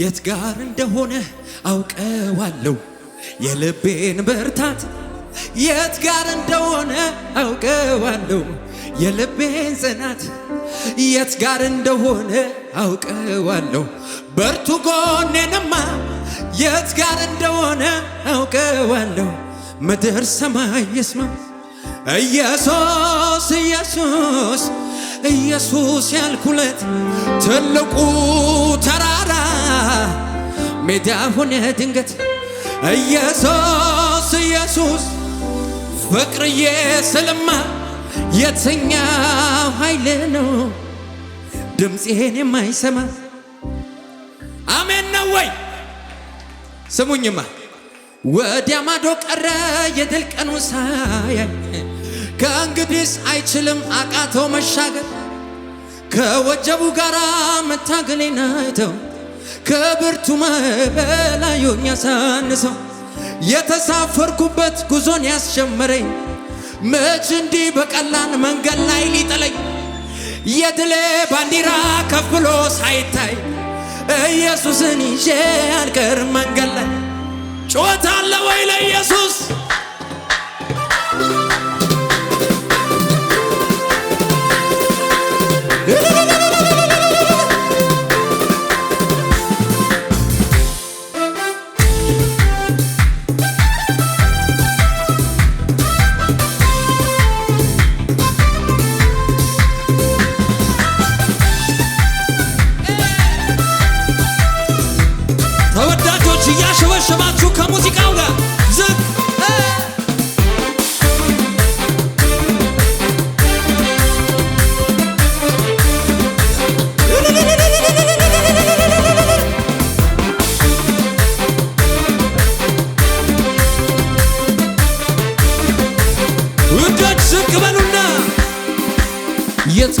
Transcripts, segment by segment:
የት ጋር እንደሆነ አውቀዋለሁ የልቤን ብርታት የት ጋር እንደሆነ አውቀዋለሁ የልቤን ጽናት የት ጋር እንደሆነ አውቀዋለሁ በርቱ ጎኔንማ የት ጋር እንደሆነ አውቀዋለሁ ምድር ሰማይ ይስማ ኢየሱስ ኢየሱስ ኢየሱስ ያልኩለት ትልቁ ቤት ሆነ ድንገት ኢየሱስ ኢየሱስ ፍቅርዬ ስልማ የትኛው ኃይል ነው ድምፄን የማይሰማ? አሜን ነው ወይ? ስሙኝማ ወዲያ ማዶ ቀረ የድል ቀኑ ሳያይ ከእንግዲስ አይችልም አቃተው መሻገር ከወጀቡ ጋራ መታገሌን አይተው ከብርቱ መበላዩን ያሳንሰው የተሳፈርኩበት ጉዞን ያስጀመረኝ መች እንዲህ በቀላል መንገድ ላይ ሊጥለኝ የድሌ ባንዲራ ከፍ ብሎ ሳይታይ ኢየሱስን ይዤ አልቀር መንገድ ላይ ጮታለ ወይ ለኢየሱስ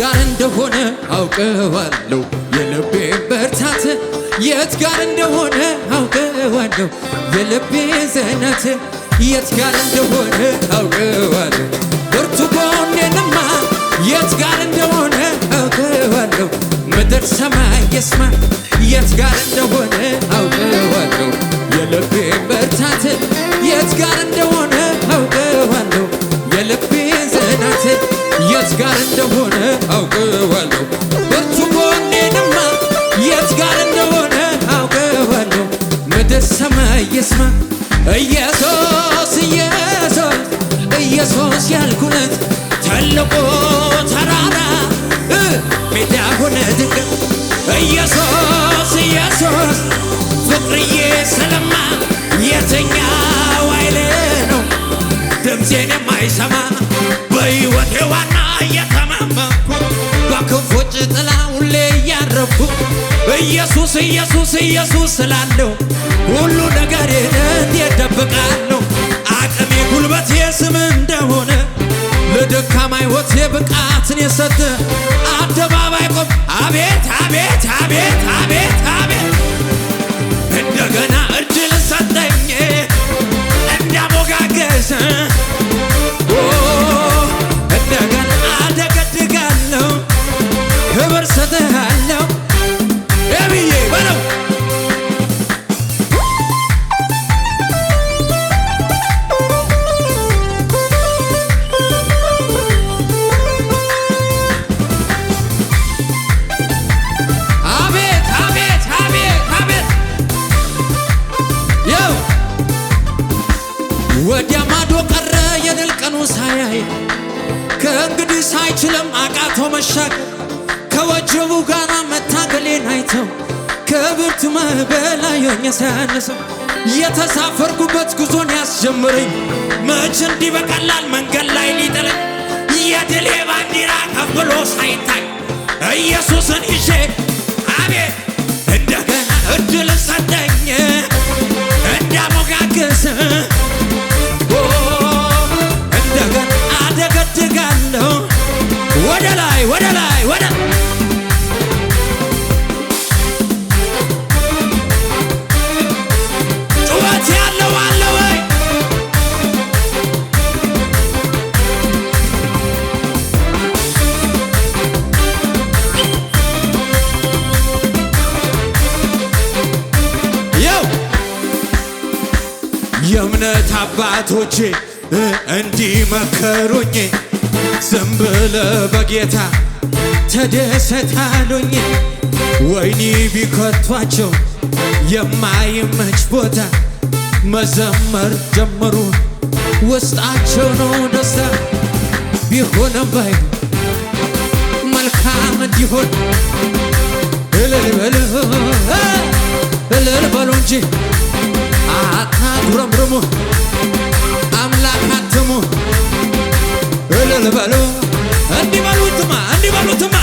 ጋር እንደሆነ አውቀዋለሁ የልቤ በርታት የት ጋር እንደሆነ አውቀዋለሁ የልቤ ዘናት የት ጋር እንደሆነ አውቀዋለሁ ብርቱ ጎኔንማ የት ጋር እንደሆነ አውቀዋለሁ ምድር ሰማይ የስማ የት ጋር እንደሆነ የት ጋር እንደሆነ አውቀዋለሁ በርቱ ጎኔንማ የት ጋር እንደሆነ አውቀዋለሁ ምድር ሰማይ ይስማ ኢየሱስ ኢየሱስ ኢየሱስ ያልኩነት ታላቁ ተራራ ሜዳ ሆነ ድንገት ኢየሱስ ኢየሱስ ፍቅርዬ ሰለማ የተኛ አይለ ድምፄን የማይሰማ በሕይወቴ ዋና እየተማመንኩ በክንፎች ጥላ ሁሌ እያረፉ ኢየሱስ ኢየሱስ ኢየሱስ ስላለው ሁሉ ነገር የት የደብቃለሁ አቅሜ ጉልበት የስም እንደሆነ ለደካማ ሕይወቴ ብቃትን የሰጠ አደባባይ ቆም አቤት አቤት አቤት አቤት አይችልም አቃቶ መሻገር ከወጀቡ ጋራ መታገሌን አይተው ከብርቱ መበላየኝ ሳያነሰው የተሳፈርኩበት ጉዞን ያስጀምረኝ መች እንዲህ በቀላል መንገድ ላይ ሊጥለኝ የድሌ ባንዲራ ከፍ ሳይታይ ኢየሱስን ይዤ አቤ እንደገና እድል ሰጠኝ እንዳሞጋግስ አባቶቼ እንዲመከሩኝ ዝም ብለ በጌታ ተደሰታሉኝ ወይኒ ቢከቷቸው የማይመች ቦታ መዘመር ጀመሩ ውስጣቸው ነው ደስታ ቢሆንም ባይ መልካም እንዲሆን እልል በሉ እልል በሉ እንጂ አታጉረምርሙ አምላክ አትሙ እልል በሉ እንዲበሉትማ እንዲበሉትማ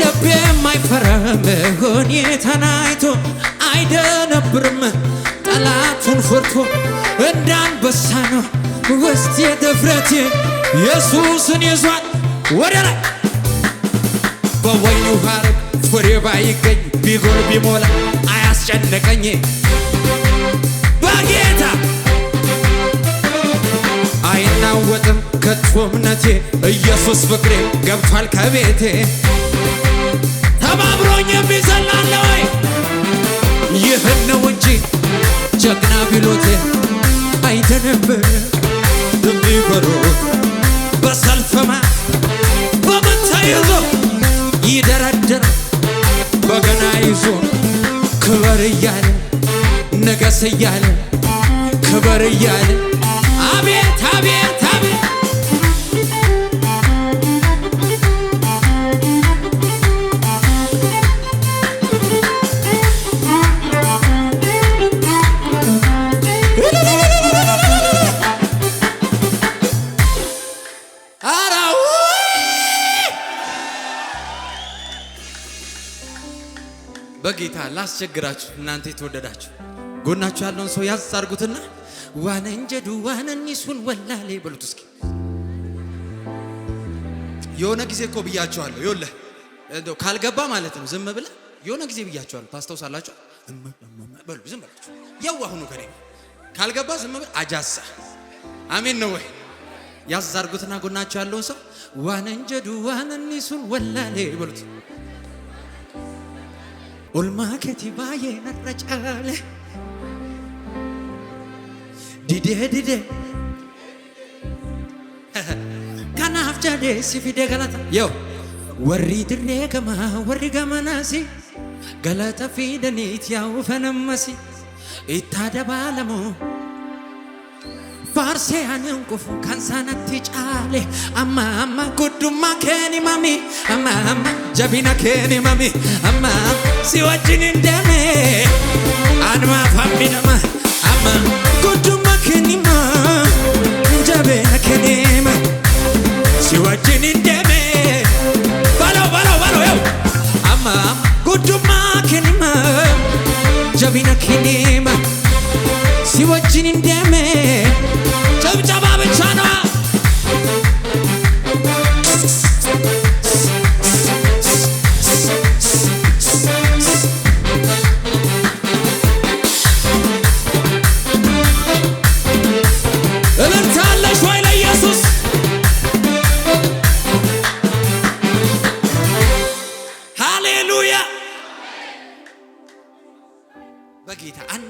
ልቤ የማይፈረም ጎኔ ተናይቶ አይደነብርም ጠላቱን ፈርቶ እንዳንበሳ ነው ውስጤ ድፍረቴ ኢየሱስን ይዟል ወደ ላይ በወይኑ ሐረግ ፍሬ ባይገኝ ቢጎል ቢሞላ አያስጨነቀኝ አይናወጥም ከቶ እምነቴ ኢየሱስ ፍቅሬ ገብቷል ከቤቴ ተባብሮኝ የሚዘላለ ወይ ይህን ነው እንጂ ጀግና ቢሎቴ አይደነብር የሚበሩት በሰልፍማ በመታየዞ ይደረድር በገና ይዞ ክበር እያለ ነገስ እያለ ክበር እያለ በጌታ ላስቸግራችሁ እናንተ የተወደዳችሁ ጎናችሁ ያለውን ሰው ያዝ አድርጉትና ዋነ እንጀዱ ወላሌ በሉት እስኪ። የሆነ ጊዜ እኮ ብያቸዋለሁ። ይኸውልህ ካልገባ ማለት ነው ዝም ብለ የሆነ ጊዜ ብያቸዋለሁ። ታስታውሳላችሁ? በሉ ዝም ብላችሁ ያው አሁኑ ከኔ ካልገባ ዝም ብለህ አጃሳ አሜን ነው ወይ? ያዝ አድርጉትና ጎናችሁ ያለውን ሰው ዋነንጀዱ ዋነኒሱን ወላሌ በሉት ኦልማ ከቲባ የነረጫለ ዲዴ ዲዴ ከናፍ ጃዴ ሲፊዴ ገለታ የው ወሪ ድሬ ገማ ወሪ ገመናሲ ገለተ ፊደኒት ያው ፈነመሲ ይታደባለሞ Farseaniin qofu kan sanatti caale amma amma guddummaa keen himami amma amma jabina keen himami amma si wajjin hin deeme anumaaf hammi nama amma guddummaa keen hima jabeena keen hima si wajjin hin deeme.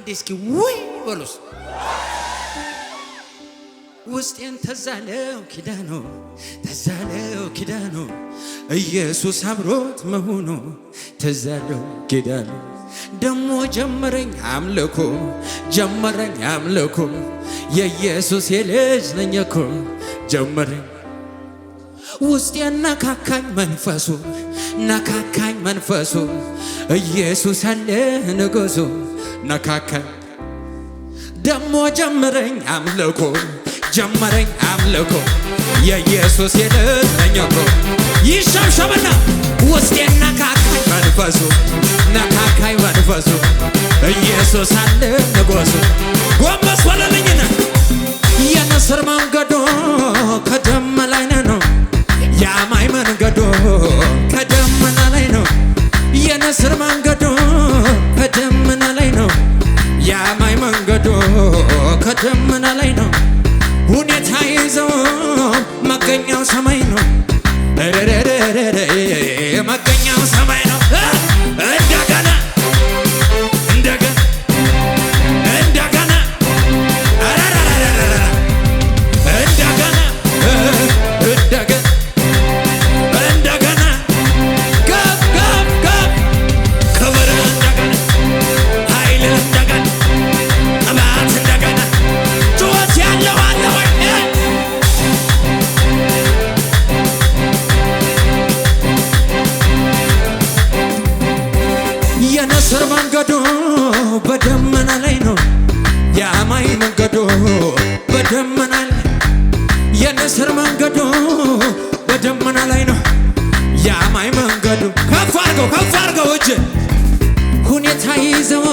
አንድ እስኪ ውይ በሉስ ውስጤን ተዛለው ኪዳኑ ተዛለው ኪዳኑ ኢየሱስ አብሮት መሆኑ ተዛለው ኪዳኑ ደሞ ጀመረኝ አምልኮ ጀመረኝ አምልኮ የኢየሱስ የልጅ ነኝ እኮ ጀመረኝ ውስጤን ነካካኝ መንፈሱ ነካካኝ መንፈሱ ኢየሱስ አለ ንጉሱ ነካከኝ ደሞ ጀምረኝ አምልኮ ጀመረኝ አምልኮ የኢየሱስ የደረኝ እኮ ይሸብሸብና ውስጤን ነካካኝ መንፈሱ ነካካኝ መንፈሱ ኢየሱስ አለ ንጉሱ ጎንበስ በለልኝና የንስር መንገዶ ከደመ ላይ ነው የአማኝ መንገዶ ከደመና ላይ ነው የንስር መንገዶ ከደመ ከደመና ላይ ነው ሁኔታ ይዘው መገኛው ሰማይ ነው መገኛው ሰማይ ነው የእስር መንገዱ በደመና ላይ ነው የአማኝ መንገዱ። ከፍ አርገው ከፍ አርገው እጅ ሁኔታ ይዘው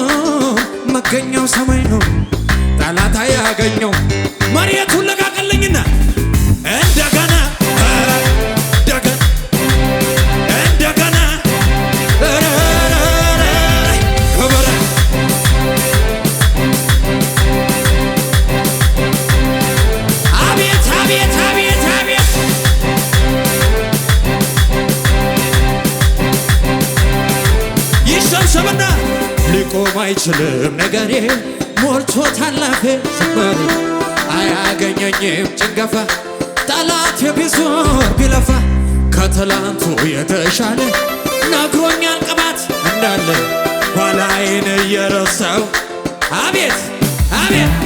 መገኛው ሰማይ ነው ጠላት ያገኘው መሬቱን ለጋ አይችልም ነገሬ ሞልቶ ታላፌ ዝማሬ አያገኘኝም ጭንገፋ ጠላት ቢዞር ቢለፋ ከትላንቱ የተሻለ ነግሮኛል ቅባት እንዳለ ኋላዬን እየረሳው አቤት አቤት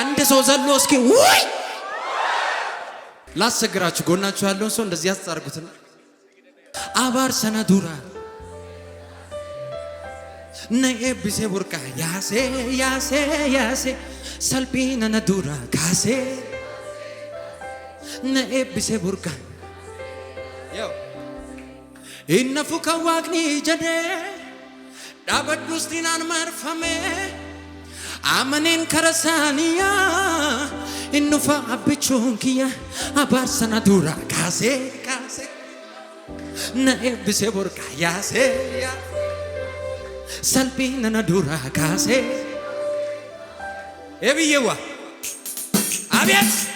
አንድ ሰው ዘሎ እስኪ ውይ ላስቸግራችሁ፣ ጎናችሁ ያለውን ሰው እንደዚህ ያስጻርጉትና አባር ሰነዱራ ነኤብሴ ቡርቃ ያሴ ያሴ ያሴ ሰልፒ ነነዱራ ካሴ ነኤብሴ ቡርቃ ይነፉ ከዋቅኒ ጀዴ ዳበዱስቲናን መርፈሜ Amaneen karaa isaaniyaa innufa abbichuun kiyya abaarsana dura kaasee kaasee na eebbisee borqa yaasee salphii nana dura kaasee eebiyyeewwa abeet.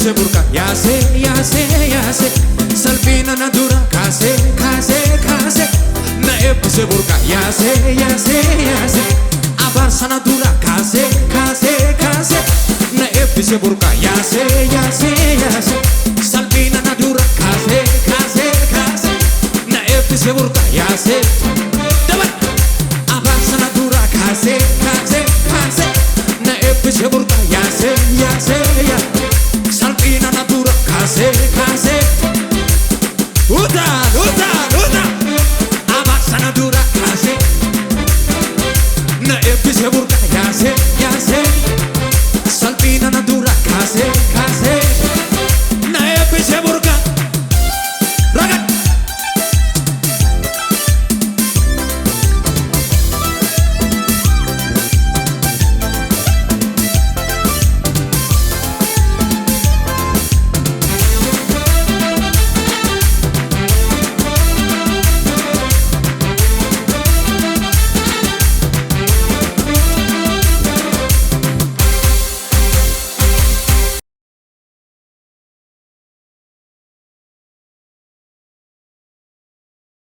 से बुरका यहाँ से यहाँ से यहाँ से सल्फीना ना दूरा खा से खा से खा से नए से बुरका यहाँ से यहाँ से यहाँ से आभार सना दूरा खा से खा से खा से नए से बुरका यहाँ से यहाँ से यहाँ से सल्फीना ना दूरा खा से खा से खा से नए से बुरका से सना दूरा खा से